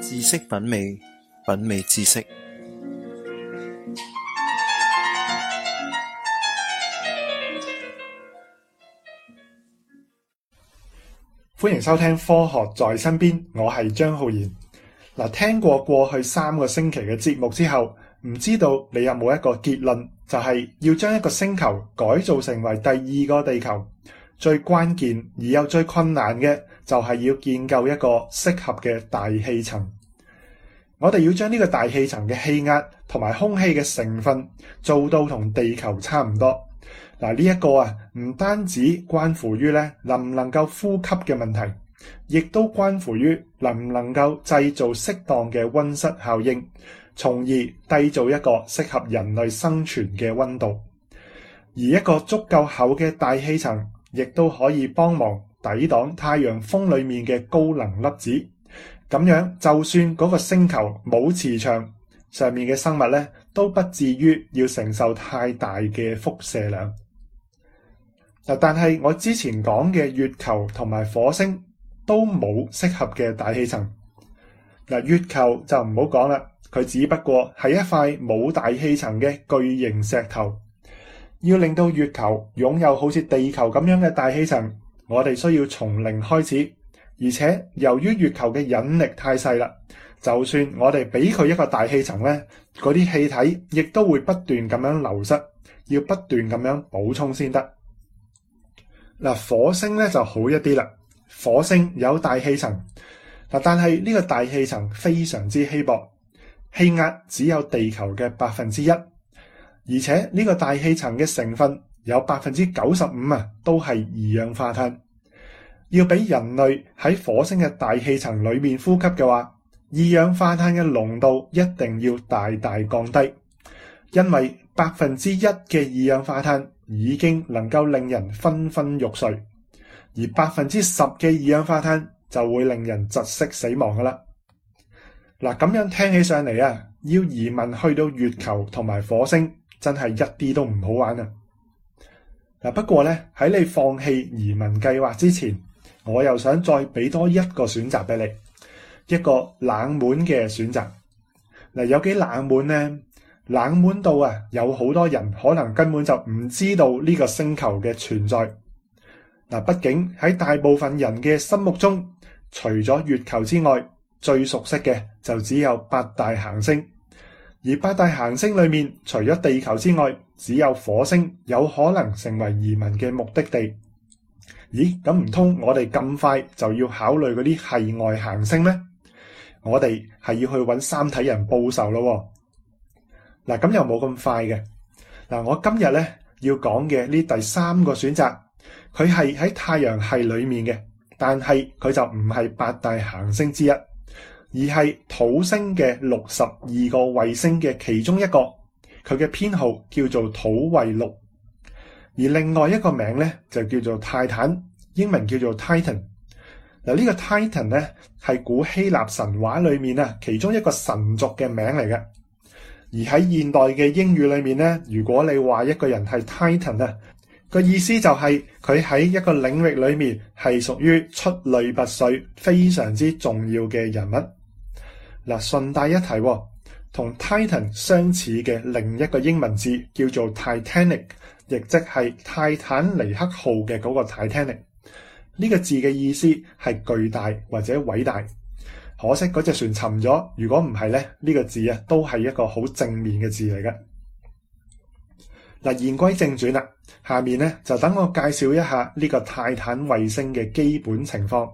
知識品味，品味知識。歡迎收聽《科學在身邊》，我係張浩然。嗱，聽過過去三個星期嘅節目之後，唔知道你有冇一個結論，就係、是、要將一個星球改造成為第二個地球。最關鍵而又最困難嘅，就係要建構一個適合嘅大氣層。我哋要將呢個大氣層嘅氣壓同埋空氣嘅成分做到同地球差唔多。嗱，呢一個啊，唔單止關乎於咧能唔能夠呼吸嘅問題，亦都關乎於能唔能夠製造適當嘅溫室效應，從而締造一個適合人類生存嘅溫度。而一個足夠厚嘅大氣層。亦都可以幫忙抵擋太陽風裏面嘅高能粒子，咁樣就算嗰個星球冇磁場，上面嘅生物咧都不至於要承受太大嘅輻射量。嗱，但係我之前講嘅月球同埋火星都冇適合嘅大氣層。嗱，月球就唔好講啦，佢只不過係一塊冇大氣層嘅巨型石頭。要令到月球擁有好似地球咁樣嘅大氣層，我哋需要從零開始。而且由於月球嘅引力太細啦，就算我哋俾佢一個大氣層呢，嗰啲氣體亦都會不斷咁樣流失，要不斷咁樣補充先得。嗱，火星呢就好一啲啦，火星有大氣層，嗱，但係呢個大氣層非常之稀薄，氣壓只有地球嘅百分之一。而且呢個大氣層嘅成分有百分之九十五啊，都係二氧化碳。要俾人類喺火星嘅大氣層裏面呼吸嘅話，二氧化碳嘅濃度一定要大大降低，因為百分之一嘅二氧化碳已經能夠令人昏昏欲睡，而百分之十嘅二氧化碳就會令人窒息死亡㗎喇。嗱，咁樣聽起上嚟啊，要移民去到月球同埋火星，真係一啲都唔好玩呀！嗱，不過呢，喺你放棄移民計劃之前，我又想再俾多一個選擇俾你，一個冷門嘅選擇。嗱，有幾冷門呢？冷門到啊，有好多人可能根本就唔知道呢個星球嘅存在。嗱，畢竟喺大部分人嘅心目中，除咗月球之外，最熟悉嘅就只有八大行星。而八大行星裏面，除咗地球之外，只有火星有可能成為移民嘅目的地。咦？咁唔通我哋咁快就要考慮嗰啲係外行星咩？我哋係要去揾三體人報仇咯？嗱，咁又冇咁快嘅。嗱，我今日咧要講嘅呢第三個選擇，佢係喺太陽系裏面嘅，但係佢就唔係八大行星之一。而係土星嘅六十二個衛星嘅其中一個，佢嘅編號叫做土衛六。而另外一個名咧就叫做泰坦，英文叫做 Titan。嗱，呢個 Titan 咧係古希臘神話裏面啊，其中一個神族嘅名嚟嘅。而喺現代嘅英語裏面咧，如果你話一個人係 Titan 啊，個意思就係佢喺一個領域裏面係屬於出類拔萃、非常之重要嘅人物。嗱，順帶一提，同 Titan 相似嘅另一個英文字叫做 Titanic，亦即係泰坦尼克號嘅嗰個 Titanic。呢個字嘅意思係巨大或者偉大。可惜嗰隻船沉咗。如果唔係咧，呢個字啊都係一個好正面嘅字嚟嘅。嗱，言歸正傳啦，下面咧就等我介紹一下呢個泰坦衛星嘅基本情況。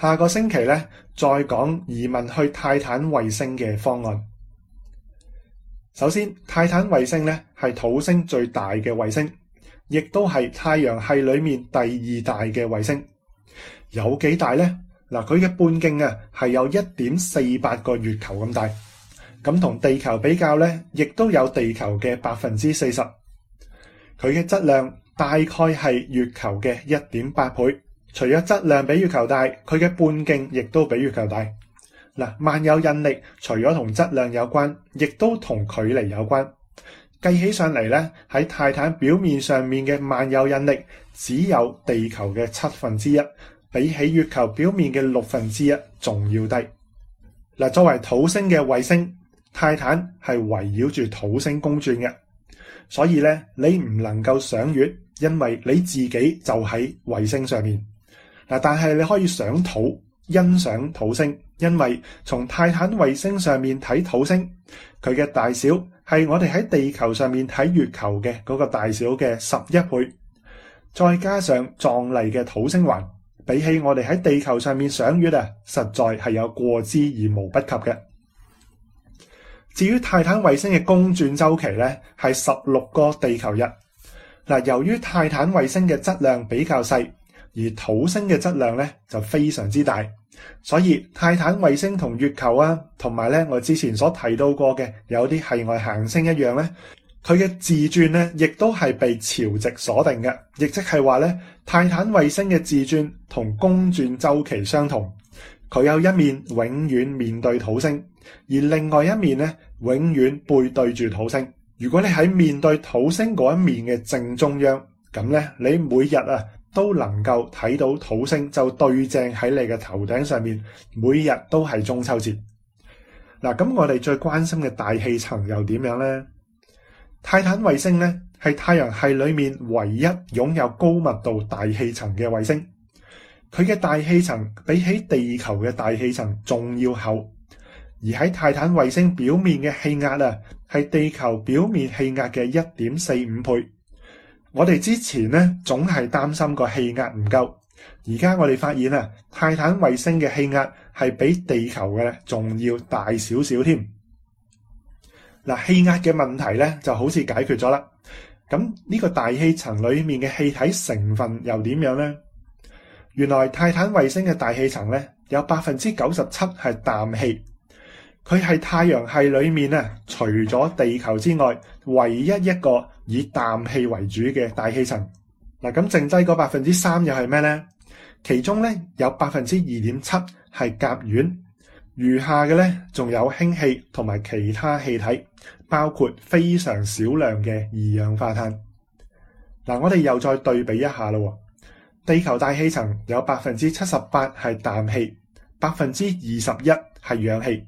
下個星期咧，再講移民去泰坦衛星嘅方案。首先，泰坦衛星咧係土星最大嘅衛星，亦都係太陽系裏面第二大嘅衛星。有幾大呢？嗱，佢嘅半徑啊，係有一點四八個月球咁大。咁同地球比較咧，亦都有地球嘅百分之四十。佢嘅質量大概係月球嘅一點八倍。除咗質量比月球大，佢嘅半徑亦都比月球大。嗱，萬有引力除咗同質量有關，亦都同距離有關。計起上嚟咧，喺泰坦表面上面嘅萬有引力只有地球嘅七分之一，比起月球表面嘅六分之一仲要低。嗱，作為土星嘅衛星，泰坦係圍繞住土星公轉嘅，所以咧，你唔能夠賞月，因為你自己就喺衛星上面。嗱，但係你可以賞土、欣賞土星，因為從泰坦衛星上面睇土星，佢嘅大小係我哋喺地球上面睇月球嘅嗰個大小嘅十一倍，再加上壯麗嘅土星環，比起我哋喺地球上面賞月啊，實在係有過之而無不及嘅。至於泰坦衛星嘅公轉周期咧，係十六個地球日。嗱，由於泰坦衛星嘅質量比較細。而土星嘅質量咧就非常之大，所以泰坦衛星同月球啊，同埋咧我之前所提到過嘅有啲係外行星一樣咧，佢嘅自轉咧亦都係被潮汐鎖定嘅，亦即係話咧泰坦衛星嘅自轉同公轉周期相同，佢有一面永遠面對土星，而另外一面咧永遠背對住土星。如果你喺面對土星嗰一面嘅正中央，咁咧你每日啊。都能夠睇到土星就對正喺你嘅頭頂上面，每日都係中秋節。嗱，咁我哋最關心嘅大氣層又點樣呢？泰坦衛星咧係太陽系裏面唯一擁有高密度大氣層嘅衛星，佢嘅大氣層比起地球嘅大氣層仲要厚，而喺泰坦衛星表面嘅氣壓啊，係地球表面氣壓嘅一點四五倍。我哋之前咧，總係擔心個氣壓唔夠，而家我哋發現啊，泰坦衛星嘅氣壓係比地球嘅仲要大少少添。嗱，氣壓嘅問題咧就好似解決咗啦。咁呢個大氣層裏面嘅氣體成分又點樣呢？原來泰坦衛星嘅大氣層咧有百分之九十七係氮氣，佢係太陽系裏面啊，除咗地球之外，唯一一個。以氮氣為主嘅大氣層，嗱，咁剩低嗰百分之三又係咩呢？其中咧有百分之二點七係甲烷，餘下嘅咧仲有氫氣同埋其他氣體，包括非常少量嘅二氧化碳。嗱，我哋又再對比一下啦。地球大氣層有百分之七十八係氮氣，百分之二十一係氧氣，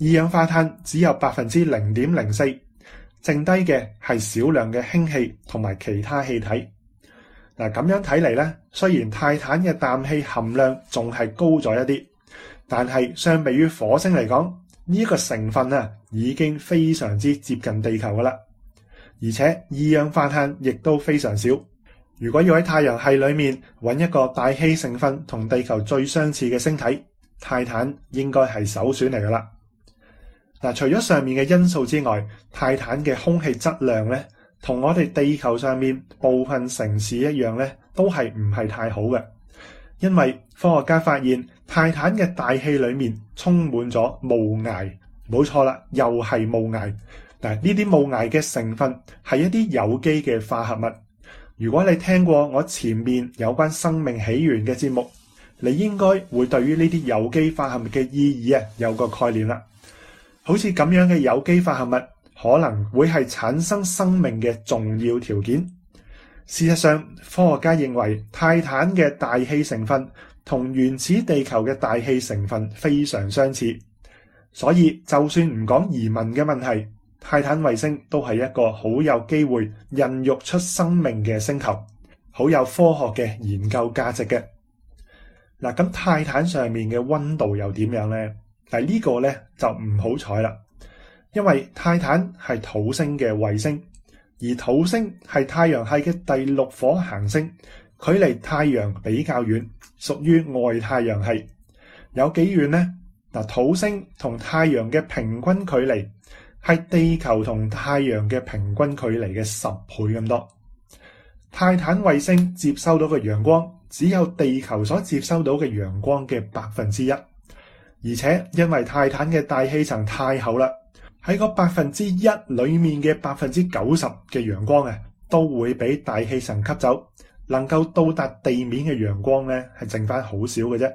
二氧化碳只有百分之零點零四。剩低嘅係少量嘅氫氣同埋其他氣體，嗱咁樣睇嚟咧，雖然泰坦嘅氮氣含量仲係高咗一啲，但係相比於火星嚟講，呢個成分啊已經非常之接近地球㗎啦，而且二氧化碳亦都非常少。如果要喺太陽系裏面揾一個大氣成分同地球最相似嘅星體，泰坦應該係首選嚟噶啦。嗱，除咗上面嘅因素之外，泰坦嘅空氣質量咧，同我哋地球上面部分城市一樣咧，都係唔係太好嘅。因為科學家發現泰坦嘅大氣裏面充滿咗霧霾，冇錯啦，又係霧霾嗱。但呢啲霧霾嘅成分係一啲有機嘅化合物。如果你聽過我前面有關生命起源嘅節目，你應該會對於呢啲有機化合物嘅意義啊有個概念啦。好似咁樣嘅有機化合物可能會係產生生命嘅重要條件。事實上，科學家認為泰坦嘅大氣成分同原始地球嘅大氣成分非常相似，所以就算唔講移民嘅問題，泰坦衛星都係一個好有機會孕育出生命嘅星球，好有科學嘅研究價值嘅。嗱，咁泰坦上面嘅溫度又點樣呢？嗱，呢個咧就唔好彩啦，因為泰坦係土星嘅衛星，而土星係太陽系嘅第六顆行星，距離太陽比較遠，屬於外太陽系。有幾遠呢？嗱，土星同太陽嘅平均距離係地球同太陽嘅平均距離嘅十倍咁多。泰坦衛星接收到嘅陽光只有地球所接收到嘅陽光嘅百分之一。而且，因為泰坦嘅大氣層太厚啦，喺個百分之一裏面嘅百分之九十嘅陽光啊，都會俾大氣層吸走，能夠到達地面嘅陽光咧，係剩翻好少嘅啫。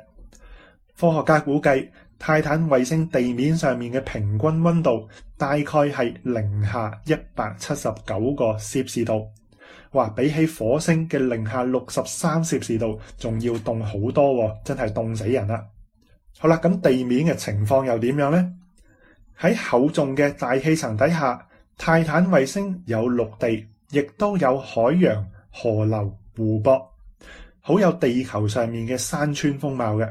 科學家估計，泰坦衛星地面上面嘅平均溫度大概係零下一百七十九個攝氏度，哇，比起火星嘅零下六十三攝氏度仲要凍好多，真係凍死人啦！好啦，咁地面嘅情況又點樣呢？喺厚重嘅大氣層底下，泰坦衛星有陸地，亦都有海洋、河流、湖泊，好有地球上面嘅山川風貌嘅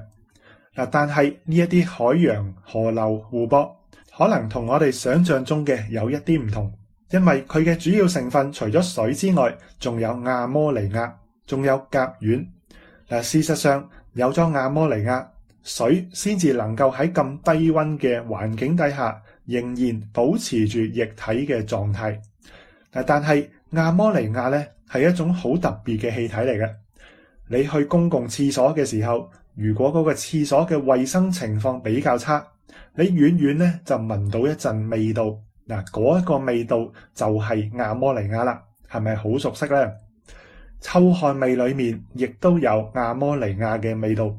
嗱。但係呢一啲海洋、河流、湖泊可能同我哋想象中嘅有一啲唔同，因為佢嘅主要成分除咗水之外，仲有亞摩尼亞，仲有甲烷嗱。事實上有咗亞摩尼亞。水先至能夠喺咁低溫嘅環境底下，仍然保持住液體嘅狀態。嗱，但係亞摩尼亞咧係一種好特別嘅氣體嚟嘅。你去公共廁所嘅時候，如果嗰個廁所嘅衛生情況比較差，你遠遠咧就聞到一陣味道，嗱，嗰一個味道就係亞摩尼亞啦，係咪好熟悉咧？臭汗味裏面亦都有亞摩尼亞嘅味道。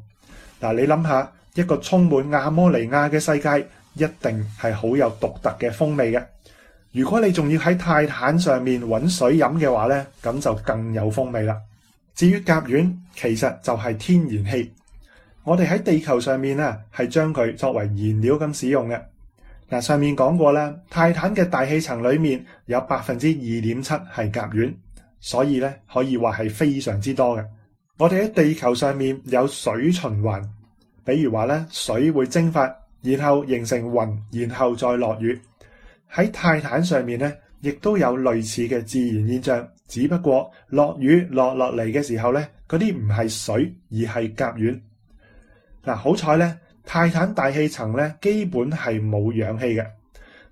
嗱，你諗下一個充滿亞摩尼亞嘅世界，一定係好有獨特嘅風味嘅。如果你仲要喺泰坦上面揾水飲嘅話咧，咁就更有風味啦。至於甲烷，其實就係天然氣，我哋喺地球上面啊，係將佢作為燃料咁使用嘅。嗱，上面講過啦，泰坦嘅大氣層裡面有百分之二點七係甲烷，所以咧可以話係非常之多嘅。我哋喺地球上面有水循環，比如話咧，水會蒸發，然後形成雲，然後再落雨。喺泰坦上面咧，亦都有類似嘅自然現象，只不過落雨落落嚟嘅時候咧，嗰啲唔係水，而係甲烷。嗱，好彩咧，泰坦大氣層咧基本係冇氧氣嘅，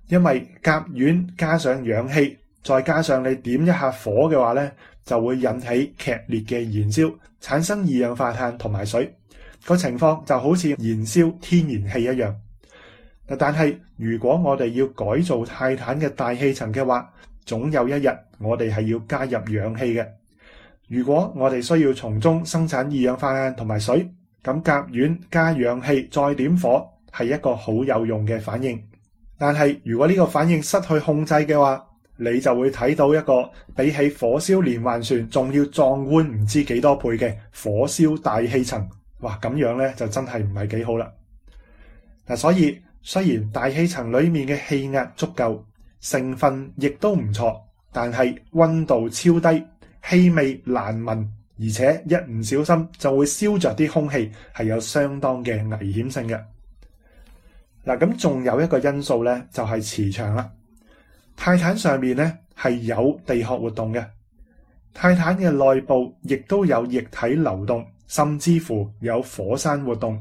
因為甲烷加上氧氣，再加上你點一下火嘅話咧。就會引起劇烈嘅燃燒，產生二氧化碳同埋水。個情況就好似燃燒天然氣一樣。嗱，但係如果我哋要改造泰坦嘅大氣層嘅話，總有一日我哋係要加入氧氣嘅。如果我哋需要從中生產二氧化碳同埋水，咁甲烷加氧氣再點火係一個好有用嘅反應。但係如果呢個反應失去控制嘅話，你就會睇到一個比起火燒連環船仲要壯觀唔知幾多倍嘅火燒大氣層，哇！咁樣咧就真係唔係幾好啦。嗱，所以雖然大氣層裏面嘅氣壓足夠，成分亦都唔錯，但係温度超低，氣味難聞，而且一唔小心就會燒着啲空氣，係有相當嘅危險性嘅。嗱，咁仲有一個因素咧，就係磁場啦。泰坦上面呢，係有地殼活動嘅。泰坦嘅內部亦都有液體流動，甚至乎有火山活動。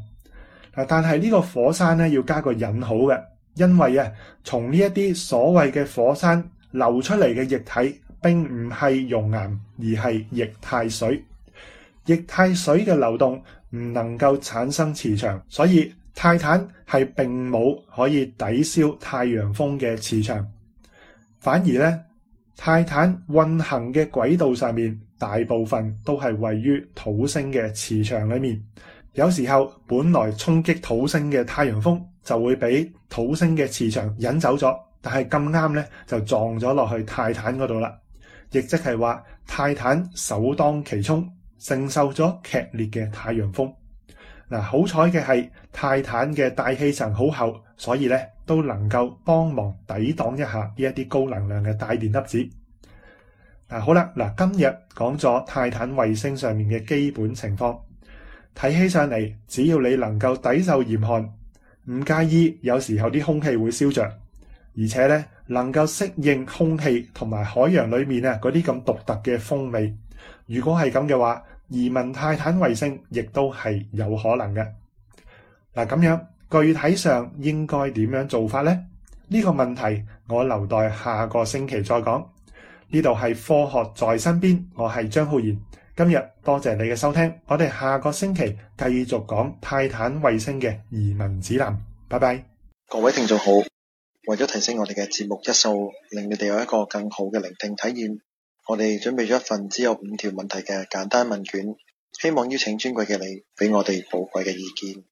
但係呢個火山呢，要加個引號嘅，因為呀，從呢啲所謂嘅火山流出嚟嘅液體並唔係熔岩，而係液態水。液態水嘅流動唔能夠產生磁場，所以泰坦係並冇可以抵消太陽風嘅磁場。反而咧，泰坦運行嘅軌道上面，大部分都係位於土星嘅磁場裏面。有時候本來衝擊土星嘅太陽風，就會俾土星嘅磁場引走咗。但係咁啱咧，就撞咗落去泰坦嗰度啦。亦即係話，泰坦首當其衝，承受咗劇烈嘅太陽風。嗱，好彩嘅係，泰坦嘅大氣層好厚。所以咧，都能夠幫忙抵擋一下呢一啲高能量嘅帶電粒子。嗱，好啦，嗱今日講咗泰坦衛星上面嘅基本情況，睇起上嚟，只要你能夠抵受嚴寒，唔介意有時候啲空氣會燒著，而且咧能夠適應空氣同埋海洋裡面啊嗰啲咁獨特嘅風味，如果係咁嘅話，移民泰坦衛星亦都係有可能嘅。嗱，咁樣。具體上應該點樣做法呢？呢、呢個問題我留待下個星期再講。呢度係科學在身邊，我係張浩然。今日多謝你嘅收聽，我哋下個星期繼續講泰坦衛星嘅移民指南。拜拜，各位聽眾好。為咗提升我哋嘅節目質素，令你哋有一個更好嘅聆聽體驗，我哋準備咗一份只有五條問題嘅簡單問卷，希望邀請尊貴嘅你俾我哋寶貴嘅意見。